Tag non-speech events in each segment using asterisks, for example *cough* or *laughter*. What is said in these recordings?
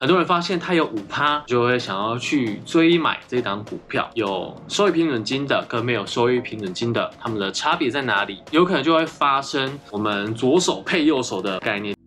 很多人發現他有五趴，就會想要去追買這檔股票。有收益平準金的跟沒有收益平準金的，他們的差別在哪裡？有可能就會發生我們左手配右手的概念。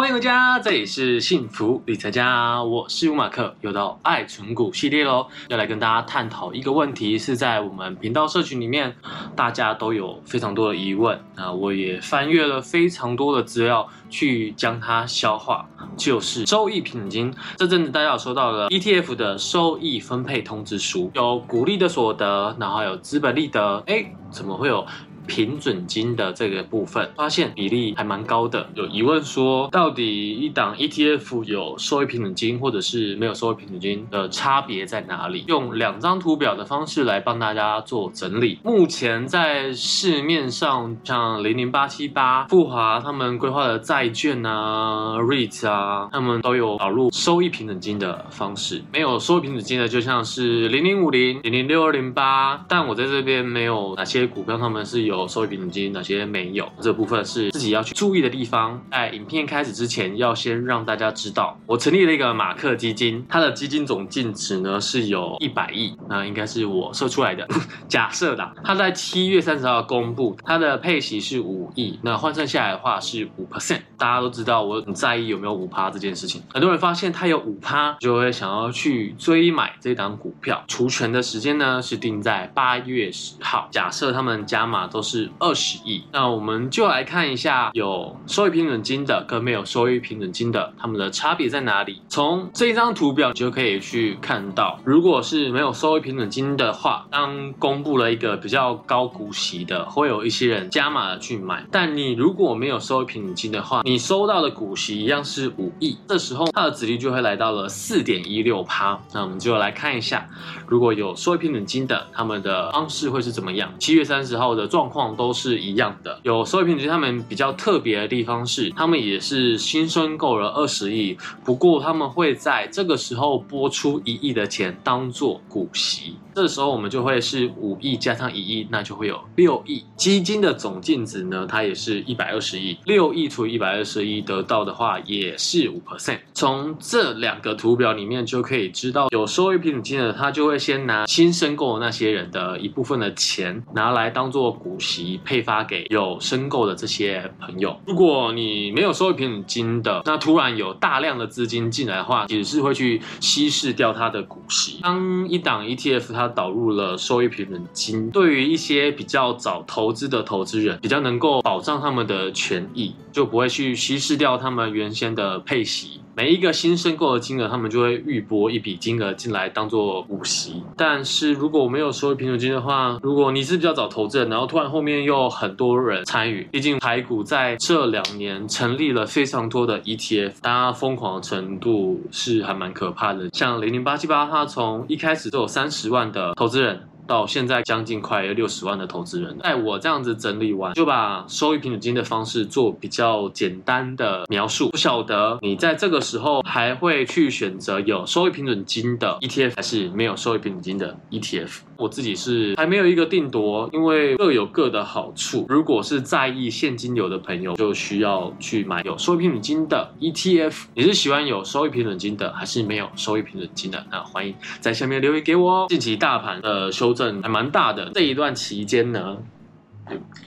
歡迎回家，這裡是幸福理財家，我是吳馬克，又到愛存股系列嘍，要來跟大家探討一個問題，是在我們頻道社群裡面，大家都有非常多的疑問啊，那我也翻閱了非常多的資料去將它消化，就是收益平準金。這陣子大家有收到了 ETF 的收益分配通知書，有股利的所得，然後還有資本利得，哎，怎麼會有？平準金的這個部分，發現比例還蠻高的。有疑問說，到底一檔 ETF 有收益平準金，或者是沒有收益平準金的差別在哪裡？用兩張圖表的方式來幫大家做整理。目前在市面上，像零零八七八，富華他們規劃的債券啊、REITs 啊，他們都有導入收益平準金的方式；沒有收益平準金的，就像是零零五零、零零六二零八。但我在這邊沒有哪些股票，他們是有，收益平準金哪些沒有，這部分是自己要去注意的地方。在影片開始之前，要先讓大家知道，我成立了一個馬克基金，它的基金總淨值呢是有100億，那應該是我設出來的 *laughs* 假設的。它在七月三十號公布，它的配息是五億，那換算下來的話是五趴。大家都知道我很在意有沒有五趴這件事情，很多人發現它有五趴，就會想要去追買這檔股票。除權的時間呢是定在八月十號，假設他們加碼都是。是二十億，那我們就來看一下有收益平準金的跟沒有收益平準金的，他們的差別在哪裡？從這張圖表你就可以去看到，如果是沒有收益平準金的話，當公布了一個比較高股息的，會有一些人加碼的去買。但你如果沒有收益平準金的話，你收到的股息一樣是五億，這時候它的殖利率就會來到了四點一六趴。那我們就來看一下，如果有收益平準金的，他們的方式會是怎麼樣？七月三十號的狀況都是一樣的。有收益平準金，他們比較特別的地方是，他們也是新申購了二十億，不過他們會在這個時候撥出一億的錢當做股息。這時候我們就會是五億加上一億，那就會有六億。基金的總淨值呢，它也是一百二十億。六億除以一百二十億得到的話也是五 percent。從這兩個圖表裡面就可以知道，有收益平準金的他就會先拿新申購的那些人的一部分的錢拿來當做股息。配發給有申購的這些朋友。如果你沒有收益平準金的，那突然有大量的資金進來的話，也是會去稀釋掉它的股息。當一檔 ETF 它導入了收益平準金，對於一些比較早投資的投資人，比較能夠保障他們的權益，就不會去稀釋掉他們原先的配息。每一個新申購的金額，他們就會預撥一筆金額進來當做股息。但是如果我沒有收益平準金的話，如果你是比較早投資人，然後突然後面又很多人參與，畢竟台股在這兩年成立了非常多的 ETF，大家瘋狂的程度是還蠻可怕的。像零零八七八，它從一開始就有三十萬的投資人。到現在將近快六十萬的投資人，在我這樣子整理完，就把收益平準金的方式做比較簡單的描述。不曉得你在這個時候還會去選擇有收益平準金的 ETF 還是沒有收益平準金的 ETF？我自己是還沒有一個定奪，因為各有各的好處。如果是在意現金流的朋友，就需要去買有收益平準金的 ETF。你是喜歡有收益平準金的還是沒有收益平準金的？那歡迎在下面留言給我哦。近期大盤的修正。還蠻大的。這一段期間呢，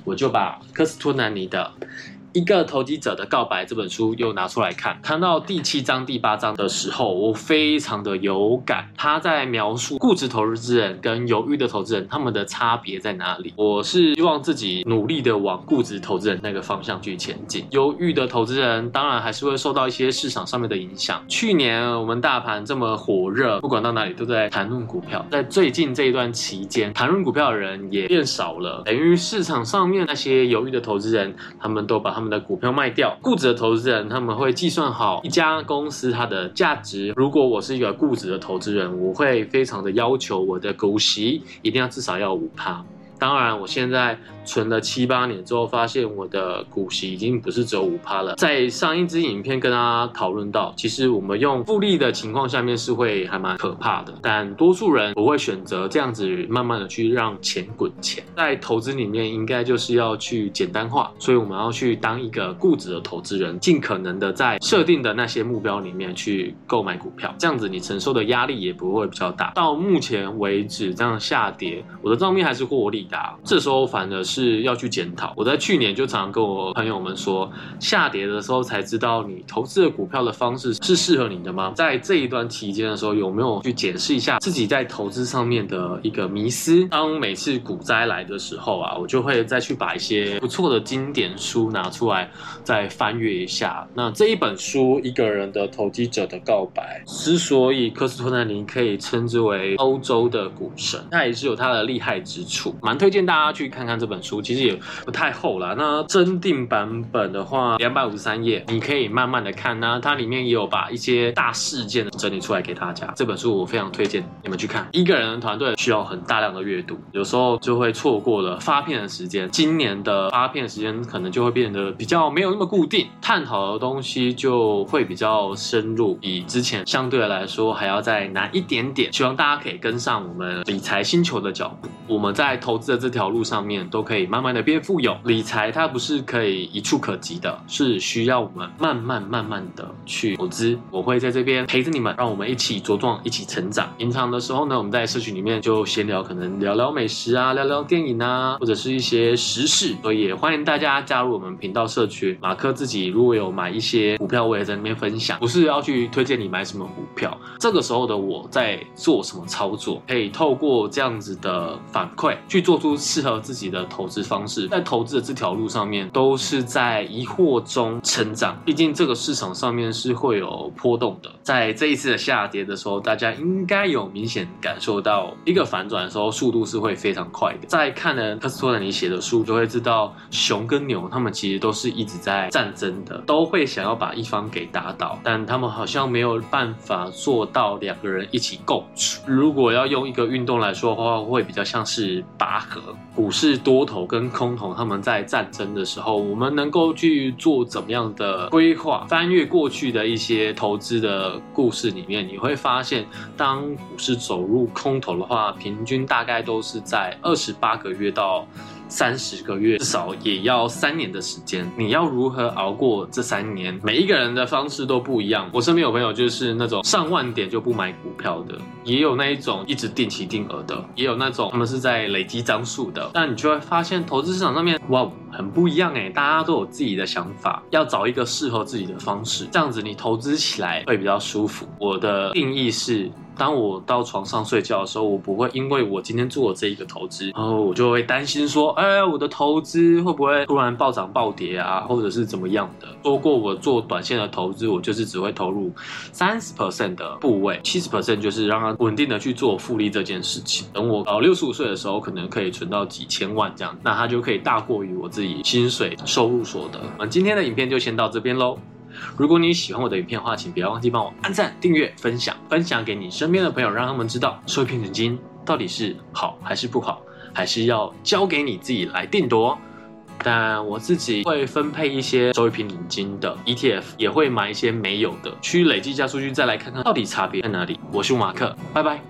我就把柯斯托蘭尼的一個投機者的告白這本書又拿出來看，談到第七章、第八章的時候，我非常的有感。他在描述固執投資人跟猶豫的投資人他們的差別在哪裡。我是希望自己努力的往固執投資人那個方向去前進。猶豫的投資人當然還是會受到一些市場上面的影響。去年我們大盤這麼火熱，不管到哪裡都在談論股票。在最近這一段期間，談論股票的人也變少了，等於市場上面那些猶豫的投資人，他們都把他們。他們的股票賣掉，固執的投資人他們會計算好一家公司它的價值。如果我是一個固執的投資人，我會非常的要求我的股息一定要至少要五趴。當然，我現在存了七八年之後，發現我的股息已經不是只有五趴了。在上一支影片跟大家討論到，其實我們用複利的情況下面是會還蠻可怕的，但多數人不會選擇這樣子慢慢的去讓錢滾錢。在投資裡面，應該就是要去簡單化，所以我們要去當一個固執的投資人，盡可能的在設定的那些目標裡面去購買股票，這樣子你承受的壓力也不會比較大。到目前為止，這樣下跌，我的賬面還是獲利。這時候反而是要去檢討。我在去年就常常跟我朋友們說，下跌的時候才知道你投資的股票的方式是適合你的嗎？在這一段期間的時候，有沒有去檢視一下自己在投資上面的一個迷思？當每次股災來的時候啊，我就會再去把一些不錯的經典書拿出來再翻閱一下。那這一本書《一個人的投機者的告白》，之所以柯斯托蘭尼可以稱之為歐洲的股神，他也是有他的厲害之處，蠻。推薦大家去看看這本書，其實也不太厚了。那增訂版本的話，兩百五十三頁，你可以慢慢的看。那它裡面也有把一些大事件整理出來給大家。這本書我非常推薦你們去看。一個人的團隊需要很大量的閱讀，有時候就會錯過了發片的時間。今年的發片的時間可能就會變得比較沒有那麼固定，探討的東西就會比較深入，比之前相對來說還要再難一點點。希望大家可以跟上我們理財星球的腳步，我們在投資。在這條路上面都可以慢慢的變富有，理財它不是可以一蹴可幾的，是需要我們慢慢慢慢的去投資。我會在這邊陪着你們，讓我們一起茁壯，一起成長。平常的時候呢，我們在社群裡面就閒聊，可能聊聊美食啊，聊聊電影啊，或者是一些時事。所以也歡迎大家加入我們頻道社群。馬克自己如果有買一些股票，我也在那邊分享，不是要去推薦你買什麼股票，這個時候的我在做什麼操作，可以透過這樣子的反饋去做。出適合自己的投資方式，在投資的這條路上面，都是在疑惑中成長。畢竟這個市場上面是會有波動的。在這一次的下跌的時候，大家應該有明顯感受到，一個反轉的時候速度是會非常快的。在看了柯斯托蘭尼寫的書，就會知道熊跟牛他們其實都是一直在戰爭的，都會想要把一方給打倒，但他們好像沒有辦法做到兩個人一起共處。如果要用一個運動來說的話，會比較像是拔。股市多頭跟空頭，他們在戰爭的時候，我們能夠去做怎麼樣的規劃？翻閱過去的一些投資的故事裡面，你會發現，當股市走入空頭的話，平均大概都是在二十八個月到。三十個月，至少也要三年的時間。你要如何熬過這三年？每一個人的方式都不一樣。我身邊有朋友就是那種上萬點就不買股票的，也有那一種一直定期定額的，也有那種他們是在累積張數的。但你就會發現，投資市場上面哇。Wow! 很不一樣哎、欸，大家都有自己的想法，要找一個適合自己的方式，這樣子你投資起來會比較舒服。我的定義是，當我到床上睡覺的時候，我不會因為我今天做這一個投資，然後我就會擔心說，哎、欸，我的投資會不會突然暴漲暴跌啊，或者是怎麼樣的？說過我做短線的投資，我就是只會投入三十 percent 的部位，七十 percent 就是讓它穩定的去做複利這件事情。等我到六十五歲的時候，可能可以存到幾千萬這樣，那它就可以大過於我自己。以薪水、收入、所得。那今天的影片就先到這邊嘍。如果你喜歡我的影片的話，請不要忘記幫我按讚、訂閱、分享，分享給你身邊的朋友，讓他們知道收益平準金到底是好還是不好，還是要交給你自己來定奪。但我自己會分配一些收益平準金的 ETF，也會買一些沒有的，去累積一下數據，再來看看到底差別在哪裡。我是馬克，拜拜。